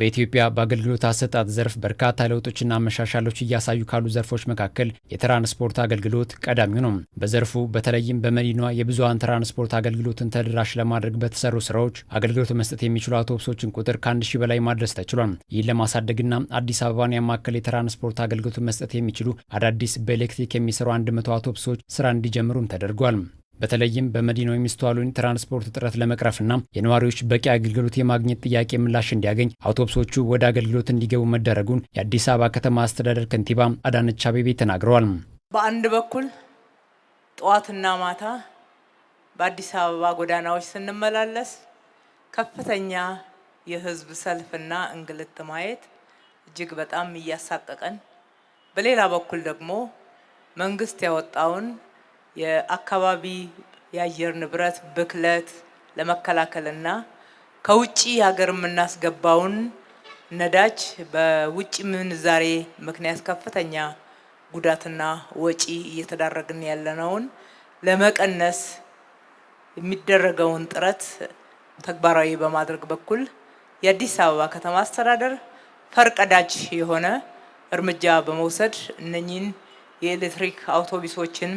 በኢትዮጵያ በአገልግሎት አሰጣጥ ዘርፍ በርካታ ለውጦችና መሻሻሎች እያሳዩ ካሉ ዘርፎች መካከል የትራንስፖርት አገልግሎት ቀዳሚው ነው። በዘርፉ በተለይም በመዲናዋ የብዙሀን ትራንስፖርት አገልግሎትን ተደራሽ ለማድረግ በተሰሩ ስራዎች አገልግሎት መስጠት የሚችሉ አውቶቡሶችን ቁጥር ከአንድ ሺህ በላይ ማድረስ ተችሏል። ይህን ለማሳደግና አዲስ አበባን ያማከል የትራንስፖርት አገልግሎት መስጠት የሚችሉ አዳዲስ በኤሌክትሪክ የሚሰሩ 100 አውቶቡሶች ስራ እንዲጀምሩም ተደርጓል። በተለይም በመዲናው የሚስተዋሉን ትራንስፖርት እጥረት ለመቅረፍና የነዋሪዎች በቂ አገልግሎት የማግኘት ጥያቄ ምላሽ እንዲያገኝ አውቶቡሶቹ ወደ አገልግሎት እንዲገቡ መደረጉን የአዲስ አበባ ከተማ አስተዳደር ከንቲባ አዳነች አቤቤ ተናግረዋል። በአንድ በኩል ጠዋትና ማታ በአዲስ አበባ ጎዳናዎች ስንመላለስ ከፍተኛ የህዝብ ሰልፍና እንግልት ማየት እጅግ በጣም እያሳቀቀን፣ በሌላ በኩል ደግሞ መንግስት ያወጣውን የአካባቢ የአየር ንብረት ብክለት ለመከላከልና ከውጭ ሀገር የምናስገባውን ነዳጅ በውጭ ምንዛሬ ምክንያት ከፍተኛ ጉዳትና ወጪ እየተዳረግን ያለነውን ለመቀነስ የሚደረገውን ጥረት ተግባራዊ በማድረግ በኩል የአዲስ አበባ ከተማ አስተዳደር ፈርቀዳጅ የሆነ እርምጃ በመውሰድ እነኚህን የኤሌክትሪክ አውቶቡሶችን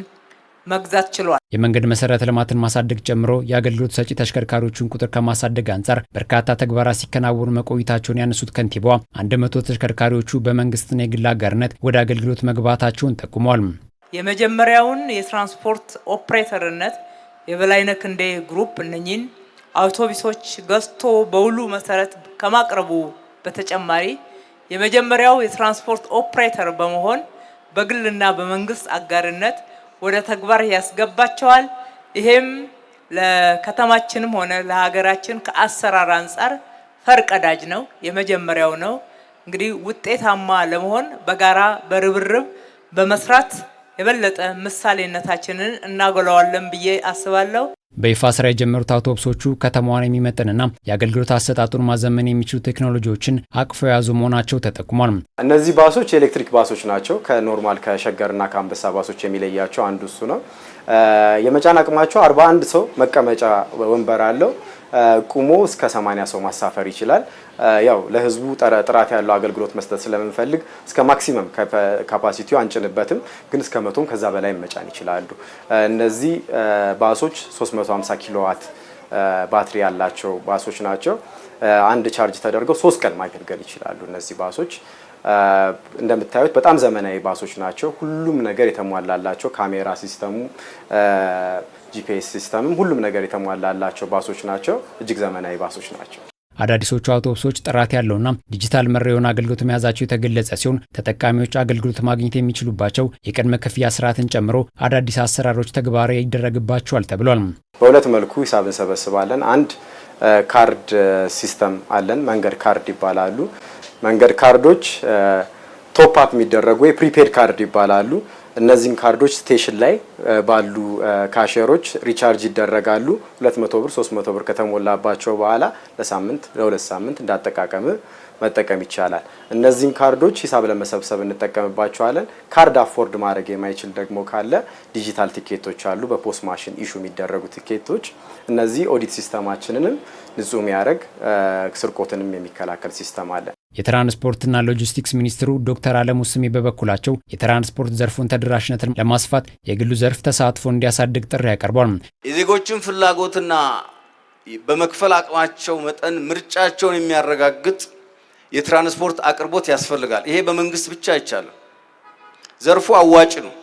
መግዛት ችሏል። የመንገድ መሰረተ ልማትን ማሳደግ ጨምሮ የአገልግሎት ሰጪ ተሽከርካሪዎችን ቁጥር ከማሳደግ አንጻር በርካታ ተግባራት ሲከናወኑ መቆይታቸውን ያነሱት ከንቲባዋ አንድ መቶ ተሽከርካሪዎቹ በመንግስትና የግል አጋርነት ወደ አገልግሎት መግባታቸውን ጠቁሟል። የመጀመሪያውን የትራንስፖርት ኦፕሬተርነት የበላይነህ ክንዴ ግሩፕ እነኚህን አውቶቡሶች ገዝቶ በውሉ መሰረት ከማቅረቡ በተጨማሪ የመጀመሪያው የትራንስፖርት ኦፕሬተር በመሆን በግልና በመንግስት አጋርነት ወደ ተግባር ያስገባቸዋል። ይሄም ለከተማችንም ሆነ ለሀገራችን ከአሰራር አንጻር ፈርቀዳጅ ነው፣ የመጀመሪያው ነው። እንግዲህ ውጤታማ ለመሆን በጋራ በርብርብ በመስራት የበለጠ ምሳሌነታችንን እናጎላዋለን ብዬ አስባለሁ። በይፋ ስራ የጀመሩት አውቶቡሶቹ ከተማዋን የሚመጥንና የአገልግሎት አሰጣጡን ማዘመን የሚችሉ ቴክኖሎጂዎችን አቅፈው የያዙ መሆናቸው ተጠቁሟል። እነዚህ ባሶች የኤሌክትሪክ ባሶች ናቸው። ከኖርማል ከሸገርና ከአንበሳ ባሶች የሚለያቸው አንዱ እሱ ነው። የመጫን አቅማቸው 41 ሰው መቀመጫ ወንበር አለው። ቁሞ እስከ 80 ሰው ማሳፈር ይችላል። ያው ለህዝቡ ጥራት ያለው አገልግሎት መስጠት ስለምንፈልግ እስከ ማክሲመም ካፓሲቲው አንጭንበትም፣ ግን እስከ መቶም ከዛ በላይ መጫን ይችላሉ። እነዚህ ባሶች 350 ኪሎዋት ባትሪ ያላቸው ባሶች ናቸው። አንድ ቻርጅ ተደርገው ሶስት ቀን ማገልገል ይችላሉ እነዚህ ባሶች። እንደምታዩት በጣም ዘመናዊ ባሶች ናቸው። ሁሉም ነገር የተሟላላቸው ካሜራ ሲስተሙ፣ ጂፒኤስ ሲስተምም ሁሉም ነገር የተሟላላቸው ባሶች ናቸው። እጅግ ዘመናዊ ባሶች ናቸው። አዳዲሶቹ አውቶቡሶች ጥራት ያለውና ዲጂታል መር የሆነ አገልግሎት መያዛቸው የተገለጸ ሲሆን ተጠቃሚዎች አገልግሎት ማግኘት የሚችሉባቸው የቅድመ ክፍያ ስርዓትን ጨምሮ አዳዲስ አሰራሮች ተግባራዊ ይደረግባቸዋል ተብሏል። በሁለት መልኩ ሂሳብ እንሰበስባለን። አንድ ካርድ ሲስተም አለን። መንገድ ካርድ ይባላሉ። መንገድ ካርዶች ቶፕ አፕ የሚደረጉ የፕሪፔድ ካርድ ይባላሉ። እነዚህን ካርዶች ስቴሽን ላይ ባሉ ካሸሮች ሪቻርጅ ይደረጋሉ። ሁለት መቶ ብር፣ መቶ ብር ከተሞላባቸው በኋላ ለሳምንት ለሁለት ሳምንት እንዳጠቃቀም መጠቀም ይቻላል። እነዚህን ካርዶች ሂሳብ ለመሰብሰብ እንጠቀምባቸዋለን። ካርድ አፎርድ ማድረግ የማይችል ደግሞ ካለ ዲጂታል ቲኬቶች አሉ፣ በፖስት ማሽን ኢሹ የሚደረጉ ቲኬቶች። እነዚህ ኦዲት ሲስተማችንንም ንጹህ የሚያደርግ ስርቆትንም የሚከላከል ሲስተም አለ። የትራንስፖርትና ሎጂስቲክስ ሚኒስትሩ ዶክተር አለሙ ስሜ በበኩላቸው የትራንስፖርት ዘርፉን ተደራሽነትን ለማስፋት የግሉ ዘርፍ ተሳትፎ እንዲያሳድግ ጥሪ ያቀርቧል። የዜጎችን ፍላጎትና በመክፈል አቅማቸው መጠን ምርጫቸውን የሚያረጋግጥ የትራንስፖርት አቅርቦት ያስፈልጋል። ይሄ በመንግስት ብቻ አይቻልም። ዘርፉ አዋጭ ነው።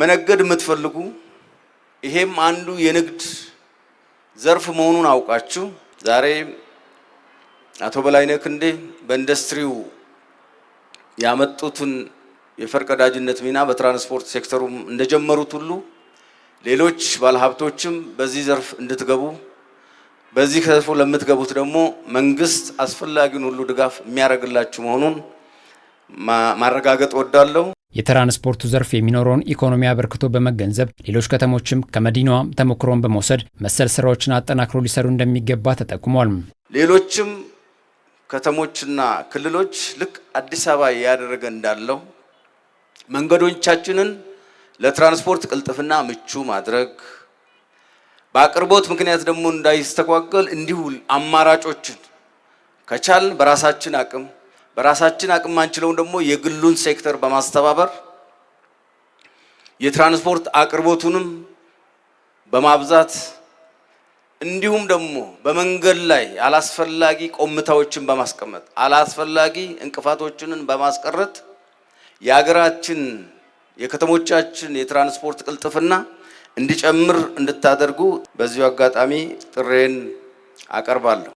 መነገድ የምትፈልጉ ይሄም አንዱ የንግድ ዘርፍ መሆኑን አውቃችሁ ዛሬ አቶ በላይነ ክንዴ በኢንዱስትሪው ያመጡትን የፈርቀዳጅነት ሚና በትራንስፖርት ሴክተሩ እንደጀመሩት ሁሉ ሌሎች ባለሀብቶችም በዚህ ዘርፍ እንድትገቡ በዚህ ከዘርፉ ለምትገቡት ደግሞ መንግስት አስፈላጊውን ሁሉ ድጋፍ የሚያደርግላችሁ መሆኑን ማረጋገጥ ወዳለሁ የትራንስፖርቱ ዘርፍ የሚኖረውን ኢኮኖሚ አበርክቶ በመገንዘብ ሌሎች ከተሞችም ከመዲናዋም ተሞክሮን በመውሰድ መሰል ስራዎችን አጠናክሮ ሊሰሩ እንደሚገባ ተጠቁሟል። ሌሎችም ከተሞችና ክልሎች ልክ አዲስ አበባ ያደረገ እንዳለው መንገዶቻችንን ለትራንስፖርት ቅልጥፍና ምቹ ማድረግ በአቅርቦት ምክንያት ደግሞ እንዳይስተጓገል እንዲሁ አማራጮችን ከቻል በራሳችን አቅም በራሳችን አቅም ማንችለውን ደግሞ የግሉን ሴክተር በማስተባበር የትራንስፖርት አቅርቦቱንም በማብዛት እንዲሁም ደግሞ በመንገድ ላይ አላስፈላጊ ቆምታዎችን በማስቀመጥ አላስፈላጊ እንቅፋቶችንን በማስቀረት የሀገራችን የከተሞቻችን የትራንስፖርት ቅልጥፍና እንዲጨምር እንድታደርጉ በዚሁ አጋጣሚ ጥሬን አቀርባለሁ።